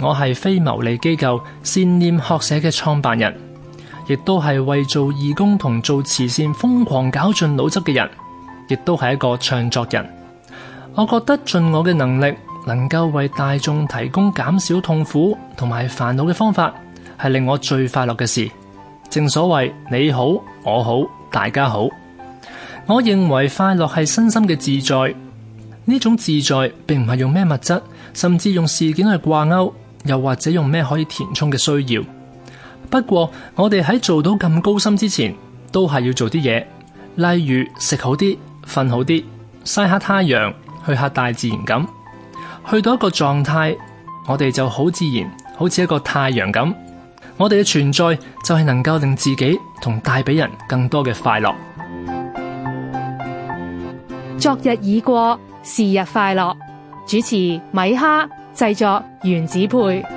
我係非牟利機構善念學社嘅創辦人，亦都係為做義工同做慈善瘋狂搞盡腦汁嘅人，亦都係一個唱作人。我覺得盡我嘅能力，能夠為大眾提供減少痛苦同埋煩惱嘅方法，係令我最快樂嘅事。正所謂你好，我好，大家好。我認為快樂係身心嘅自在，呢種自在並唔係用咩物質，甚至用事件去掛鈎。又或者用咩可以填充嘅需要？不過我哋喺做到咁高深之前，都係要做啲嘢，例如食好啲、瞓好啲、曬下太陽、去下大自然咁，去到一個狀態，我哋就好自然，好似一個太陽咁。我哋嘅存在就係能夠令自己同帶俾人更多嘅快樂。昨日已過，是日快樂。主持米哈。製作原子配。